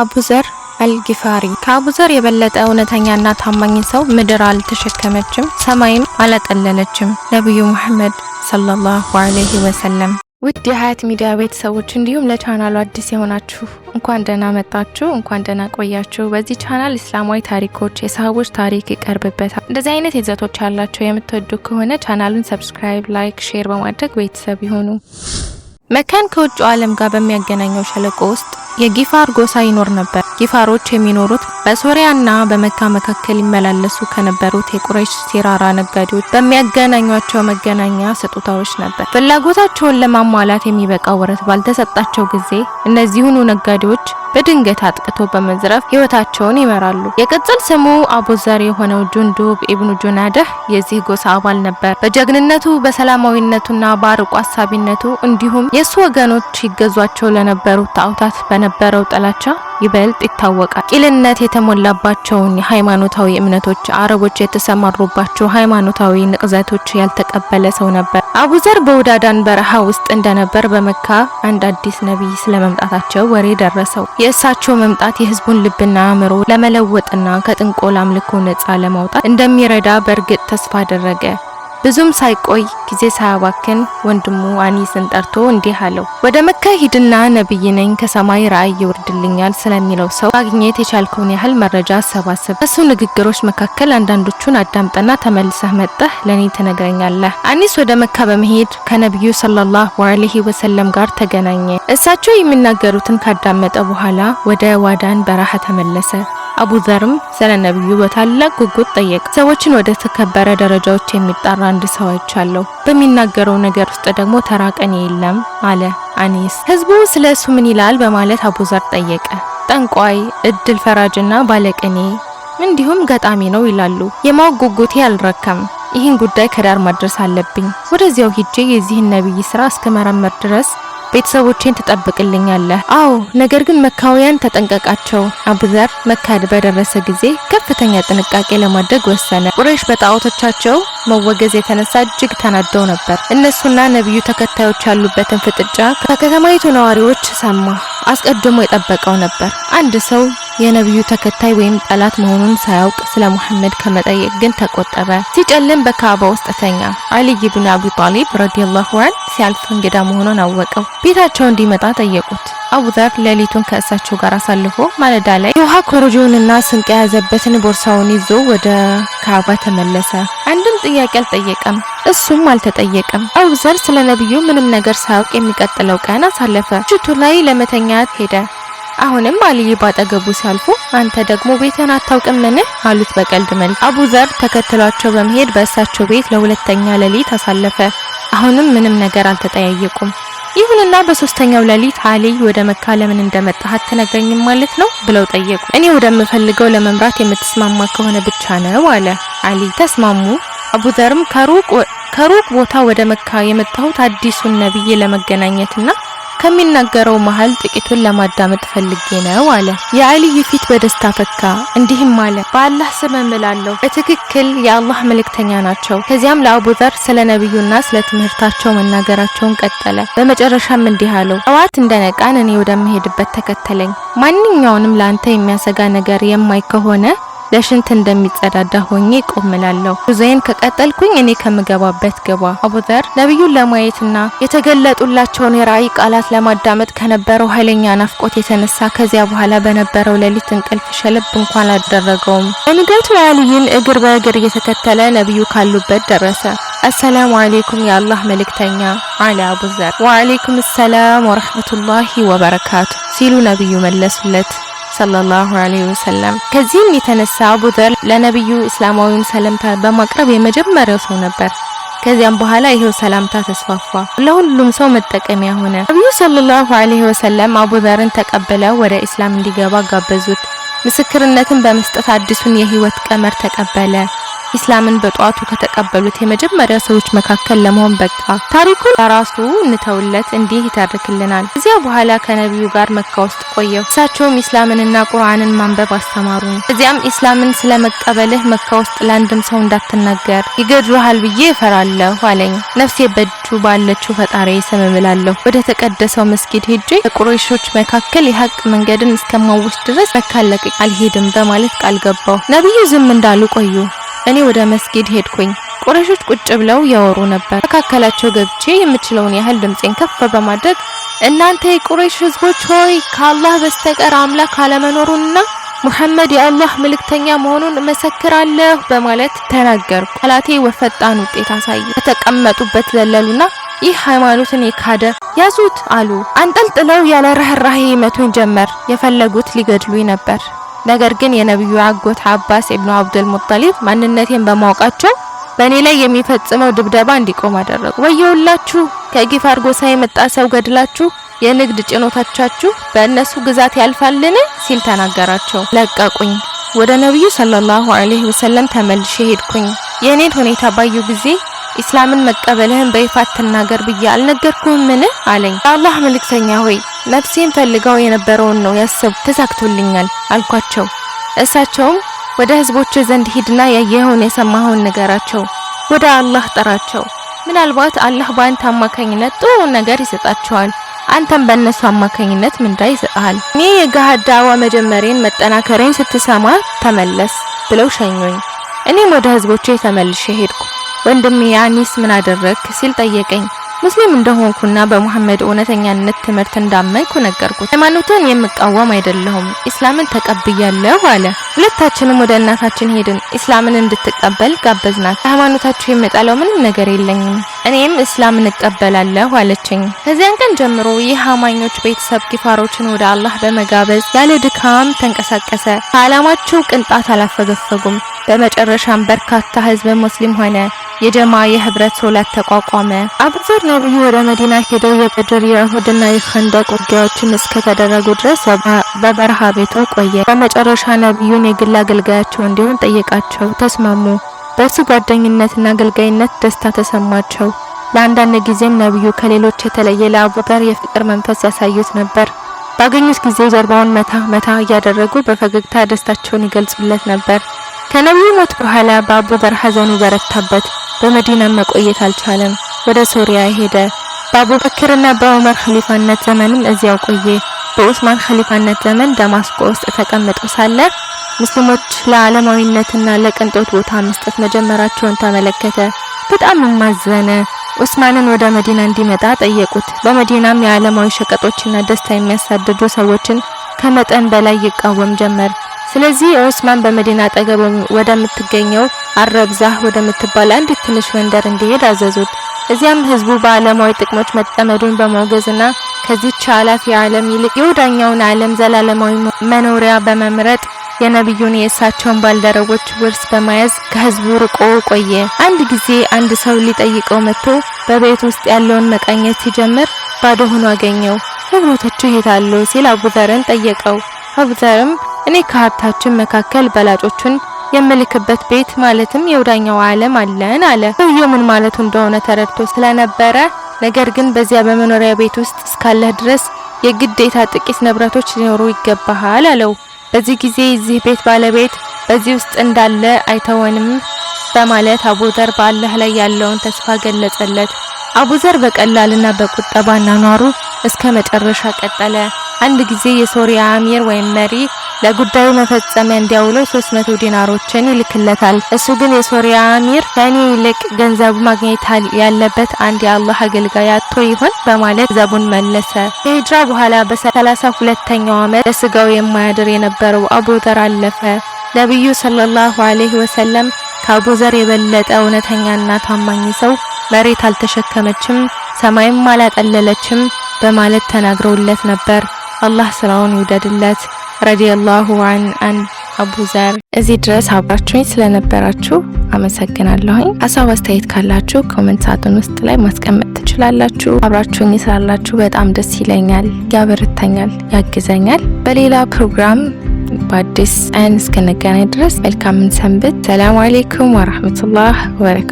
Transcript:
አቡዘር አልጊፋሪ ከአቡዘር የበለጠ እውነተኛና ታማኝ ሰው ምድር አልተሸከመችም፣ ሰማይም አላጠለለችም። ነቢዩ ሙሐመድ ሰለላሁ አለይህ ወሰለም። ውድ የሀያት ሚዲያ ቤተሰቦች እንዲሁም ለቻናሉ አዲስ የሆናችሁ እንኳን ደህና መጣችሁ፣ እንኳን ደህና ቆያችሁ። በዚህ ቻናል እስላማዊ ታሪኮች፣ የሰሃቦች ታሪክ ይቀርብበታል። እንደዚህ አይነት ይዘቶች ያላቸው የምትወዱ ከሆነ ቻናሉን ሰብስክራይብ፣ ላይክ፣ ሼር በማድረግ ቤተሰብ ይሁኑ። መካን ከውጭው ዓለም ጋር በሚያገናኘው ሸለቆ ውስጥ የጊፋር ጎሳ ይኖር ነበር። ጊፋሮች የሚኖሩት በሶሪያና በመካ መካከል ይመላለሱ ከነበሩት የቁረይሽ ሲራራ ነጋዴዎች በሚያገናኟቸው መገናኛ ስጦታዎች ነበር። ፍላጎታቸውን ለማሟላት የሚበቃ ወረት ባልተሰጣቸው ጊዜ እነዚሁኑ ነጋዴዎች በድንገት አጥቅቶ በመዝረፍ ህይወታቸውን ይመራሉ። የቅጽል ስሙ አቦዘር የሆነው ጁንዱብ ኢብኑ ጁናደህ የዚህ ጎሳ አባል ነበር። በጀግንነቱ በሰላማዊነቱና በአርቆ አሳቢነቱ እንዲሁም የእሱ ወገኖች ይገዟቸው ለነበሩት ጣዖታት በነበረው ጥላቻ ይበልጥ ይታወቃል። ቂልነት የተሞላባቸውን ሃይማኖታዊ እምነቶች አረቦች የተሰማሩባቸው ሃይማኖታዊ ንቅዘቶች ያልተቀበለ ሰው ነበር። አቡዘር በውዳዳን በረሃ ውስጥ እንደነበር በመካ አንድ አዲስ ነቢይ ስለመምጣታቸው ወሬ ደረሰው። የእሳቸው መምጣት የህዝቡን ልብና አእምሮ ለመለወጥና ከጥንቆላ አምልኮ ነጻ ለማውጣት እንደሚረዳ በእርግጥ ተስፋ አደረገ። ብዙም ሳይቆይ ጊዜ ሳያባክን ወንድሙ አኒስን ጠርቶ እንዲህ አለው፣ ወደ መካ ሂድና ነብይ ነኝ ከሰማይ ራእይ ይወርድልኛል ስለሚለው ሰው ማግኘት የቻልከውን ያህል መረጃ አሰባስብ። ከሱ ንግግሮች መካከል አንዳንዶቹን አዳምጠና ተመልሰህ መጠህ ለኔ ትነግረኛለህ። አኒስ ወደ መካ በመሄድ ከነብዩ ሰለላሁ ዐለይሂ ወሰለም ጋር ተገናኘ። እሳቸው የሚናገሩትን ካዳመጠ በኋላ ወደ ዋዳን በረሃ ተመለሰ። አቡዘርም ስለ ነቢዩ በታላቅ ጉጉት ጠየቀ። ሰዎችን ወደ ተከበረ ደረጃዎች የሚጣራ አንድ ሰው አይቻለሁ፣ በሚናገረው ነገር ውስጥ ደግሞ ተራቀኔ የለም አለ። አኒስ ህዝቡ ስለ እሱ ምን ይላል በማለት አቡዘር ጠየቀ። ጠንቋይ፣ እድል ፈራጅና ባለቅኔ እንዲሁም ገጣሚ ነው ይላሉ። የማወቅ ጉጉቴ አልረከም። ይህን ጉዳይ ከዳር ማድረስ አለብኝ። ወደዚያው ሂጄ የዚህን ነቢይ ስራ እስከመረመር ድረስ ቤተሰቦቼን ትጠብቅልኛለህ። አዎ፣ ነገር ግን መካውያን ተጠንቀቃቸው። አቡዘር መካድ በደረሰ ጊዜ ከፍተኛ ጥንቃቄ ለማድረግ ወሰነ። ቁረይሽ በጣዖቶቻቸው መወገዝ የተነሳ እጅግ ተናደው ነበር። እነሱና ነቢዩ ተከታዮች ያሉበትን ፍጥጫ ከከተማይቱ ነዋሪዎች ሰማ። አስቀድሞ የጠበቀው ነበር። አንድ ሰው የነቢዩ ተከታይ ወይም ጠላት መሆኑን ሳያውቅ ስለ ሙሐመድ ከመጠየቅ ግን ተቆጠበ። ሲጨልም በካዕባ ውስጥ ተኛ። አሊ ኢብኑ አቢ ጣሊብ ረዲየላሁ ዐን ሲያልፍ እንግዳ መሆኑን አወቀው። ቤታቸው እንዲመጣ ጠየቁት። አቡዘር ሌሊቱን ከእሳቸው ጋር አሳልፎ ማለዳ ላይ የውሃ ኮረጆውንና ስንቅ የያዘበትን ቦርሳውን ይዞ ወደ ካዕባ ተመለሰ። አንድም ጥያቄ አልጠየቀም፣ እሱም አልተጠየቀም። አቡዘር ስለ ነቢዩ ምንም ነገር ሳያውቅ የሚቀጥለው ቀን አሳለፈ። ምሽቱ ላይ ለመተኛት ሄደ። አሁንም አልይ ባጠገቡ ሲያልፉ አንተ ደግሞ ቤትን አታውቅምን አሉት በቀልድ መልክ። አቡ ዘር ተከትሏቸው በመሄድ በእሳቸው ቤት ለሁለተኛ ሌሊት አሳለፈ። አሁንም ምንም ነገር አልተጠያየቁም። ይሁንና በሶስተኛው ሌሊት አልይ ወደ መካ ለምን እንደመጣ አትነግረኝም ማለት ነው ብለው ጠየቁ። እኔ ወደምፈልገው ለመምራት የምትስማማ ከሆነ ብቻ ነው አለ አልይ። ተስማሙ። አቡዘርም ከሩቅ ቦታ ወደ መካ የመጣሁት አዲሱን ነብይ ለመገናኘትና ከሚናገረው መሃል ጥቂቱን ለማዳመጥ ፈልጌ ነው አለ። የአልይ ፊት በደስታ ፈካ፣ እንዲህም አለ፣ በአላህ ስም እምላለሁ በትክክል የአላህ መልእክተኛ ናቸው። ከዚያም ለአቡዘር ስለ ነቢዩና ስለ ትምህርታቸው መናገራቸውን ቀጠለ። በመጨረሻም እንዲህ አለው፣ ጠዋት እንደነቃን እኔ ወደምሄድበት ተከተለኝ። ማንኛውንም ለአንተ የሚያሰጋ ነገር የማይ ከሆነ ለሽንት እንደሚጸዳዳ ሆኜ ቆምላለሁ። ጉዞዬን ከቀጠልኩኝ እኔ ከምገባበት ገባ። አቡዘር ነቢዩን ለማየትና የተገለጡላቸውን የራእይ ቃላት ለማዳመጥ ከነበረው ኃይለኛ ናፍቆት የተነሳ ከዚያ በኋላ በነበረው ሌሊት እንቅልፍ ሸለብ እንኳን አደረገውም። በንጋቱ የአልይን እግር በእግር እየተከተለ ነቢዩ ካሉበት ደረሰ። አሰላሙ አሌይኩም የአላህ መልእክተኛ አለ አቡዘር። ወአሌይኩም ሰላም ወረህመቱላሂ ወበረካቱ ሲሉ ነቢዩ መለሱለት። ሰለላሁ ዐለይሂ ወሰለም። ከዚህም የተነሳ አቡዘር ለነብዩ እስላማዊውን ሰለምታ በማቅረብ የመጀመሪያው ሰው ነበር። ከዚያም በኋላ ይሄው ሰላምታ ተስፋፋ፣ ለሁሉም ሰው መጠቀሚያ ሆነ። ነብዩ ሰለላሁ ዐለይሂ ወሰለም አቡዘርን ተቀብለው ወደ እስላም እንዲገባ ጋበዙት። ምስክርነትን በመስጠት አዲሱን የህይወት ቀመር ተቀበለ። ኢስላምን በጧቱ ከተቀበሉት የመጀመሪያ ሰዎች መካከል ለመሆን በቃ። ታሪኩን ለራሱ እንተውለት፣ እንዲህ ይተርክልናል። ከዚያ በኋላ ከነቢዩ ጋር መካ ውስጥ ቆየው። እሳቸውም ኢስላምንና ቁርአንን ማንበብ አስተማሩ። እዚያም ኢስላምን ስለመቀበልህ መካ ውስጥ ለአንድም ሰው እንዳትናገር ይገድሉሃል ብዬ እፈራለሁ አለኝ። ነፍሴ በእጁ ባለችው ፈጣሪ ስም እምላለሁ። ወደ ተቀደሰው መስጊድ ሄጄ በቁረይሾች መካከል የሀቅ መንገድን እስከማውስ ድረስ መካ ለቅቄ አልሄድም በማለት ቃል ገባሁ። ነቢዩ ዝም እንዳሉ ቆዩ። እኔ ወደ መስጊድ ሄድኩኝ። ቁረሾች ቁጭ ብለው ያወሩ ነበር። መካከላቸው ገብቼ የምችለውን ያህል ድምፄን ከፍ በማድረግ እናንተ የቁረሽ ህዝቦች ሆይ ከአላህ በስተቀር አምላክ አለመኖሩንና ሙሐመድ የአላህ ምልክተኛ መሆኑን እመሰክራለሁ በማለት ተናገርኩ። ቃላቴ ወፈጣን ውጤት አሳየ። ከተቀመጡበት ዘለሉና ይህ ሃይማኖትን የካደ ያዙት አሉ። አንጠልጥለው ያለ ርህራሄ መቱኝ ጀመር። የፈለጉት ሊገድሉኝ ነበር። ነገር ግን የነብዩ አጎት አባስ ኢብኑ አብዱል ሙጠሊብ ማንነቴን በማወቃቸው በእኔ ላይ የሚፈጽመው ድብደባ እንዲቆም አደረጉ። ወየውላችሁ ከጊፋር ጎሳ የመጣ ሰው ገድላችሁ የንግድ ጭኖታቻችሁ በእነሱ ግዛት ያልፋልን ሲል ተናገራቸው። ለቀቁኝ። ወደ ነብዩ ሰለላሁ ዐለይሂ ወሰለም ተመልሼ ሄድኩኝ። የእኔን ሁኔታ ባዩ ጊዜ ኢስላምን መቀበልህን በይፋት ትናገር ብዬ ምን አለኝ። የአላህ መልእክተኛ ሆይ ነፍሴን ፈልገው የነበረውን ነው ያሰብ ተሳክቶልኛል አልኳቸው። እሳቸውም ወደ ህዝቦች ዘንድ ሂድና ያየኸውን የሰማኸውን ነገራቸው ወደ አላህ ጠራቸው። ምናልባት አላህ በአንተ አማካኝነት ጥሩ ነገር ይሰጣቸዋል፣ አንተም በእነሱ አማካኝነት ምንዳ ይሰጣል። እኔ የገሃድ ዳዋ መጀመሪያን መጠናከሬን ስትሰማ ተመለስ ብለው ሸኙኝ። እኔም ወደ ህዝቦቼ ተመልሼ ሄድኩ። ወንድሜ ያኒስ ምን አደረክ ሲል ጠየቀኝ። ሙስሊም እንደሆንኩና በሙሐመድ እውነተኛነት ትምህርት እንዳመንኩ ነገርኩት። ሃይማኖትን የምቃወም አይደለሁም፣ ኢስላምን ተቀብያለሁ አለ። ሁለታችንም ወደ እናታችን ሄድን። ኢስላምን እንድትቀበል ጋበዝናት። ሃይማኖታችሁ የምጠላው ምንም ነገር የለኝም እኔም እስላምን እቀበላለሁ አለችኝ። ከዚያን ቀን ጀምሮ ይህ አማኞች ቤተሰብ ጊፋሮችን ወደ አላህ በመጋበዝ ያለ ድካም ተንቀሳቀሰ። ከዓላማቸው ቅንጣት አላፈገፈጉም። በመጨረሻም በርካታ ህዝብ ሙስሊም ሆነ። የጀማ የህብረት ሶላት ተቋቋመ። አቡዘር ነብዩ ወደ መዲና ሄደው የበድር የእሁድና የኸንደቅ ውጊያዎችን እስከተደረጉ ድረስ በበረሃ ቤቶ ቆየ። በመጨረሻ ነብዩን የግል አገልጋያቸው እንዲሆን ጠየቃቸው፣ ተስማሙ። በእሱ ጓደኝነትና አገልጋይነት ደስታ ተሰማቸው። ለአንዳንድ ጊዜም ነብዩ ከሌሎች የተለየ ለአቡዘር የፍቅር መንፈስ ያሳዩት ነበር። ባገኙት ጊዜ ጀርባውን መታ መታ እያደረጉ በፈገግታ ደስታቸውን ይገልጹለት ነበር። ከነቢዩ ሞት በኋላ በአቡዘር ሐዘኑ በረታበት። በመዲና መቆየት አልቻለም። ወደ ሶሪያ ሄደ። በአቡበክርና በዑመር ኸሊፋነት ዘመንም እዚያው ቆየ። በኡስማን ኸሊፋነት ዘመን ደማስቆ ውስጥ ተቀምጦ ሳለ ሙስሊሞች ለዓለማዊነትና ለቅንጦት ቦታ መስጠት መጀመራቸውን ተመለከተ። በጣም ማዘነ። ኡስማንን ወደ መዲና እንዲመጣ ጠየቁት። በመዲናም የዓለማዊ ሸቀጦችና ደስታ የሚያሳድዱ ሰዎችን ከመጠን በላይ ይቃወም ጀመር። ስለዚህ ዑስማን በመዲና አጠገብ ወደምትገኘው አረብዛህ ወደምትባል አንድ ትንሽ መንደር እንዲሄድ አዘዙት። እዚያም ህዝቡ በዓለማዊ ጥቅሞች መጠመዱን በመውገዝና ከዚህች አላፊ ዓለም ይልቅ የወዳኛውን ዓለም ዘላለማዊ መኖሪያ በመምረጥ የነብዩን የእሳቸውን ባልደረቦች ውርስ በመያዝ ከህዝቡ ርቆ ቆየ። አንድ ጊዜ አንድ ሰው ሊጠይቀው መጥቶ በቤት ውስጥ ያለውን መቃኘት ሲጀምር ባዶ ሆኖ አገኘው። ንብረቶቹ የት አሉ ሲል አቡዘርን ጠየቀው። አቡዘርም እኔ ከሀብታችን መካከል በላጮቹን የምልክበት ቤት ማለትም የውዳኛው ዓለም አለን አለ። ሰውየው ምን ማለቱ እንደሆነ ተረድቶ ስለነበረ ነገር ግን በዚያ በመኖሪያ ቤት ውስጥ እስካለህ ድረስ የግዴታ ጥቂት ንብረቶች ሊኖሩ ይገባሃል አለው። በዚህ ጊዜ የዚህ ቤት ባለቤት በዚህ ውስጥ እንዳለ አይተወንም በማለት አቡዘር በአላህ ላይ ያለውን ተስፋ ገለጸለት። አቡዘር በቀላልና በቁጠባ አኗኗሩ እስከ መጨረሻ ቀጠለ። አንድ ጊዜ የሶሪያ አሚር ወይም መሪ ለጉዳዩ መፈጸሚያ እንዲያውለው 300 ዲናሮችን ይልክለታል። እሱ ግን የሶሪያ አሚር ከእኔ ይልቅ ገንዘቡ ማግኘት ያለበት አንድ የአላህ አገልጋይ አጥቶ ይሆን በማለት ዘቡን መለሰ። ከሂጅራ በኋላ በ 32 ዓመት ለስጋው የማያድር የነበረው አቡዘር አለፈ። ነቢዩ ሰለላሁ ዐለይሂ ወሰለም ከአቡዘር የበለጠ እውነተኛና ታማኝ ሰው መሬት አልተሸከመችም ሰማይም አላጠለለችም በማለት ተናግረውለት ነበር። አላህ ስራውን ይውደድለት። ረዲየላሁ አን አን አቡዘር እዚህ ድረስ አብራችሁኝ ስለነበራችሁ አመሰግናለሁኝ። ሀሳብ አስተያየት ካላችሁ ኮመንት ሳጥን ውስጥ ላይ ማስቀመጥ ትችላላችሁ። አብራችሁኝ ስላላችሁ በጣም ደስ ይለኛል፣ ያበረተኛል፣ ያግዘኛል። በሌላ ፕሮግራም በአዲስ አይን እስክንገናኝ ድረስ መልካምን ሰንብት። ሰላሙ አሌይኩም ወራህመቱላህ ወበረካቱ